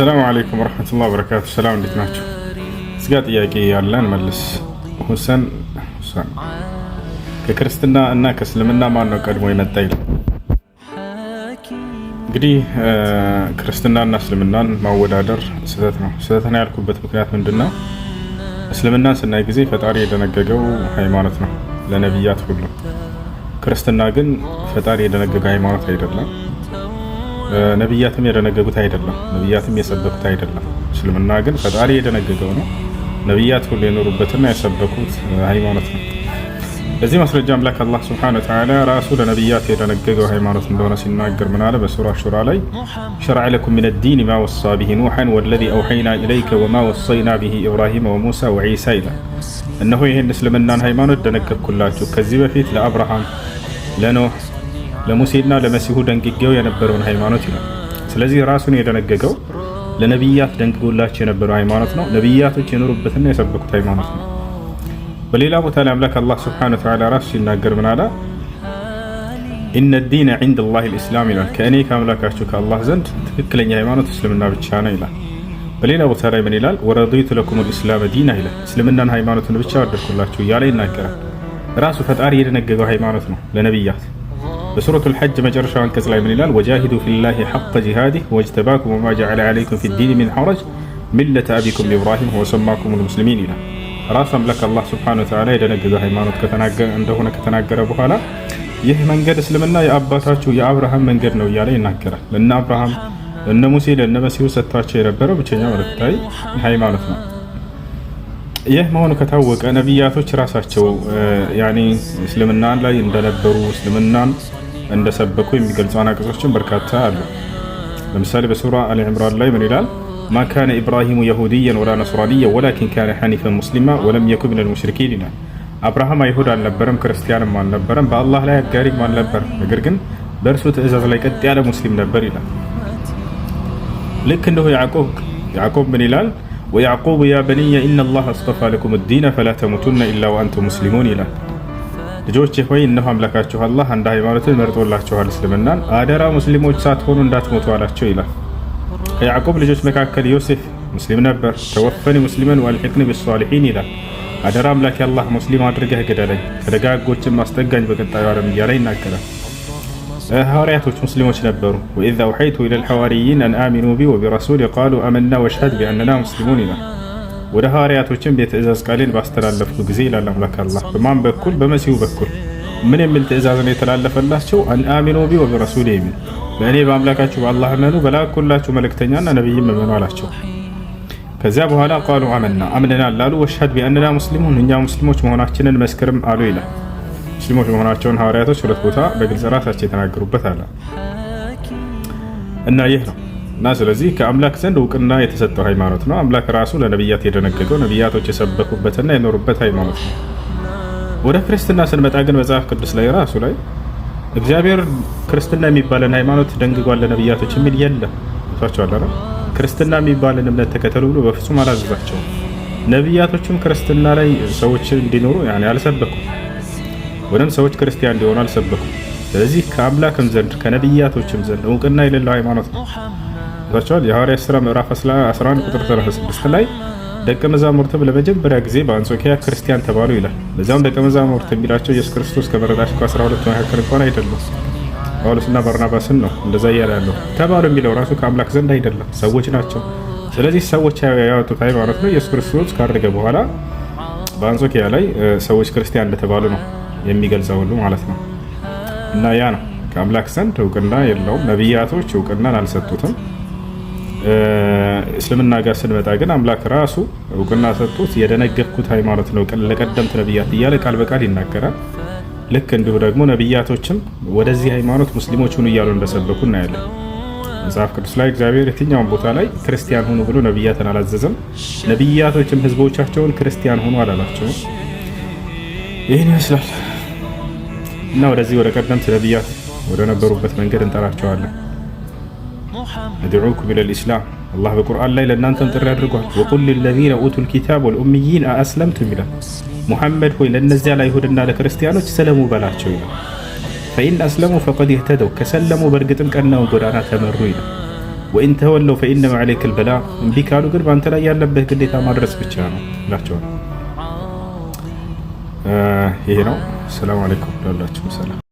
አሰላሙ አለይኩም ወረህመቱላህ ወበረካቱ። ሰላም እንዴት ናቸው? እዚጋ ጥያቄ ያለን መልስ። ሁሰን ሁሰን ከክርስትና እና ከእስልምና ማን ነው ቀድሞ የመጣ ይላል። እንግዲህ ክርስትናና እስልምናን ማወዳደር ስህተት ነው። ስህተት ነው ያልኩበት ምክንያት ምንድን ነው? እስልምናን ስናይ ጊዜ ፈጣሪ የደነገገው ሃይማኖት ነው ለነቢያት ሁሉ። ክርስትና ግን ፈጣሪ የደነገገ ሃይማኖት አይደለም። ነቢያትም የደነገጉት አይደለም፣ ነቢያትም የሰበኩት አይደለም። እስልምና ግን ፈጣሪ የደነገገው ነው። ነቢያት ሁሉ የኖሩበትና የሰበኩት ሃይማኖት ነው። በዚህ ማስረጃ አምላክ አላህ ስብሐነሁ ወተዓላ ራሱ ለነቢያት የደነገገው ሃይማኖት እንደሆነ ሲናገር ምን አለ? በሱራ ሹራ ላይ ሸረዐ ለኩም ሚነ ዲኒ ማ ወሳ ቢሂ ኑሐን ወለዚ አውሐይና ኢለይከ ወማ ወሰይና ቢሂ ኢብራሂመ ወሙሳ ወዒሳ ይላል። እነሆ ይህን እስልምናን ሃይማኖት ደነገግኩላችሁ ከዚህ በፊት ለአብርሃም ለኖህ ለሙሴና ለመሲሁ ደንግጌው የነበረውን ሃይማኖት ይላል። ስለዚህ ራሱን የደነገገው ለነቢያት ደንግጎላቸው የነበረው ሃይማኖት ነው። ነቢያቶች የኖሩበትና የሰበኩት ሃይማኖት ነው። በሌላ ቦታ ላይ አምላክ አላህ ሱብሓነሁ ወተዓላ ራሱ ሲናገር ምን አለ? ኢነ ዲነ ዒንደ ላሂ ልእስላም ይላል። ከእኔ ከአምላካችሁ ከአላህ ዘንድ ትክክለኛ ሃይማኖት እስልምና ብቻ ነው ይላል። በሌላ ቦታ ላይ ምን ይላል? ወረዲቱ ለኩም ልእስላም ዲና ይላል። እስልምናን ሃይማኖትን ብቻ አደርኩላችሁ እያለ ይናገራል። ራሱ ፈጣሪ የደነገገው ሃይማኖት ነው ለነቢያት بسورة الحج مجر شان كسل من الهلال وجاهدوا في الله حق جهاده واجتباكم وما جعل عليكم في الدين من حرج ملة أبيكم إبراهيم هو سماكم المسلمين إلى راسم لك الله سبحانه وتعالى إذا نجد هاي مانوت كتناجر عنده هناك كتناجر أبوها لا يه من قد سلمنا يا أبا تاشو يا أبراهام من قد نويا لي ناكرة لأن أبراهام لأن موسى لأن مسيح ستاشي ربرا بچنيا ورقتاي هاي مانوتنا ይህ መሆኑ ከታወቀ ነቢያቶች ራሳቸው ያኔ እስልምና ላይ እንደነበሩ እስልምናን እንደሰበኩ የሚገልጹ አናቅጾችን በርካታ አሉ። ለምሳሌ በሱራ አልዕምራን ላይ ምን ይላል? ማ ካነ ኢብራሂሙ የሁድየን ወላ ነስራንየን ወላኪን ካነ ሐኒፈን ሙስሊማ ወለም የኩ ምን ሙሽሪኪን ይላል። አብርሃም አይሁድ አልነበረም፣ ክርስቲያንም አልነበረም፣ በአላህ ላይ አጋሪም አልነበረም። ነገር ግን በእርሱ ትእዛዝ ላይ ቀጥ ያለ ሙስሊም ነበር ይላል። ልክ እንዲሁ ያዕቆብ ያዕቆብ ምን ይላል? ወያዕቁብ ያ በንየ ኢና አስጠፋ ለኩም ዲነ ፈላ ተሙቱና ኢላ ወአንቱም ሙስሊሙን ይላል። ልጆቼ ሆይ እነሆ አምላካችሁ አላህ አንድ ሃይማኖትን መርጦላችኋል እስልምናን፣ አደራ ሙስሊሞች ሳትሆኑ እንዳትሞቱ አላቸው ይላል። ከያዕቁብ ልጆች መካከል ዮሴፍ ሙስሊም ነበር። ተወፈኒ ሙስሊመን ወአልሒቅኒ ቢሷሊሒን ይላል። አደራ አምላክ አላህ ሙስሊም አድርገህ ግደለኝ፣ ከደጋጎችም አስጠጋኝ በቀጣዩ ዓለም እያለ ይናገራል። ሐዋርያቶች ሙስሊሞች ነበሩ። ወኢዛ አውሐይቱ ኢለል ሐዋርይን አን አሚኑ ቢ ወቢረሱል ቃሉ አመና ወሽሀድ ቢአንና ሙስሊሙን ይላል። ወደ ሐዋርያቶችን የትእዛዝ ቃሌን ባስተላለፍኩ ጊዜ ይላል አምላክ አላህ። በማን በኩል? በመሲሁ በኩል። ምን የሚል ትእዛዝ ነው የተላለፈላቸው? አን አሚኑ ቢ ወቢረሱል የሚል በእኔ በአምላካችሁ በአላህ እመኑ፣ በላኩላችሁ መልእክተኛና ነቢይም እመኑ አላቸው። ከዚያ በኋላ ቃሉ አመና አምነናል አሉ። ወሽሀድ ቢአንና ሙስሊሙን እኛ ሙስሊሞች መሆናችንን መስክርም አሉ ይላል ሙስሊሞች መሆናቸውን ሐዋርያቶች ሁለት ቦታ በግልጽ ራሳቸው የተናገሩበት አለ እና ይህ ነው እና ስለዚህ ከአምላክ ዘንድ እውቅና የተሰጠው ሃይማኖት ነው። አምላክ ራሱ ለነቢያት የደነገገው ነቢያቶች የሰበኩበትና የኖሩበት ሃይማኖት ነው። ወደ ክርስትና ስንመጣ ግን መጽሐፍ ቅዱስ ላይ ራሱ ላይ እግዚአብሔር ክርስትና የሚባለን ሃይማኖት ደንግጓል ለነቢያቶች የሚል የለም። ቸዋለ ነው ክርስትና የሚባለን እምነት ተከተሉ ብሎ በፍጹም አላዘዛቸውም። ነቢያቶችም ክርስትና ላይ ሰዎችን እንዲኖሩ ያልሰበኩም ወደም ሰዎች ክርስቲያን እንዲሆኑ አልሰበኩም። ስለዚህ ከአምላክም ዘንድ ከነቢያቶችም ዘንድ እውቅና የሌለው ሃይማኖት ነው። ታቸዋል የሐዋርያት ሥራ ምዕራፍ 11 ቁጥር 36 ላይ ደቀ መዛሙርትም ለመጀመሪያ ጊዜ በአንጾኪያ ክርስቲያን ተባሉ ይላል። በዚያም ደቀ መዛሙርት የሚላቸው ኢየሱስ ክርስቶስ ከመረጣቸው ከ12 መካከል እንኳን አይደሉም። ጳውሎስና ባርናባስን ነው እንደዛ እያለ ያለው። ተባሉ የሚለው ራሱ ከአምላክ ዘንድ አይደለም፣ ሰዎች ናቸው። ስለዚህ ሰዎች ያወጡት ሃይማኖት ነው። ኢየሱስ ክርስቶስ ካደረገ በኋላ በአንጾኪያ ላይ ሰዎች ክርስቲያን እንደተባሉ ነው። የሚገልጸው ሁሉ ማለት ነው። እና ያ ነው ከአምላክ ዘንድ እውቅና የለውም። ነቢያቶች እውቅናን አልሰጡትም። እስልምና ጋር ስንመጣ ግን አምላክ ራሱ እውቅና ሰጡት። የደነገፍኩት ሃይማኖት ነው ለቀደምት ነቢያት እያለ ቃል በቃል ይናገራል። ልክ እንዲሁ ደግሞ ነቢያቶችም ወደዚህ ሃይማኖት ሙስሊሞች ሁኑ እያሉ እንደሰበኩ እናያለን። መጽሐፍ ቅዱስ ላይ እግዚአብሔር የትኛውን ቦታ ላይ ክርስቲያን ሁኑ ብሎ ነቢያትን አላዘዘም። ነቢያቶችም ህዝቦቻቸውን ክርስቲያን ሁኑ አላላቸውም። ይህን ይመስላል። እና ወደዚህ ወደ ቀደምት ነቢያት ወደ ነበሩበት መንገድ እንጠራቸዋለን። እድዑኩም ኢለል ኢስላም አላህ በቁርአን ላይ ለእናንተም ጥሪ አድርጓል። ወቁል ሊለዚነ ኡቱል ኪታብ ወልኡምይን አአስለምቱም ይላል። ሙሐመድ ሆይ ለእነዚያ ለአይሁድና ለክርስቲያኖች ሰለሙ በላቸው ይላል። ፈኢን አስለሙ ፈቀድ ይህተደው ከሰለሙ በእርግጥም ቀናውን ጎዳና ተመሩ ይላል። ወኢን ተወለው ፈኢነማ ዐለይከል በላግ እምቢ ካሉ ግን በአንተ ላይ ያለብህ ግዴታ ማድረስ ብቻ ነው ይላቸዋል። ይሄ ነው። ሰላም አለይኩም ላላችሁ ሰላም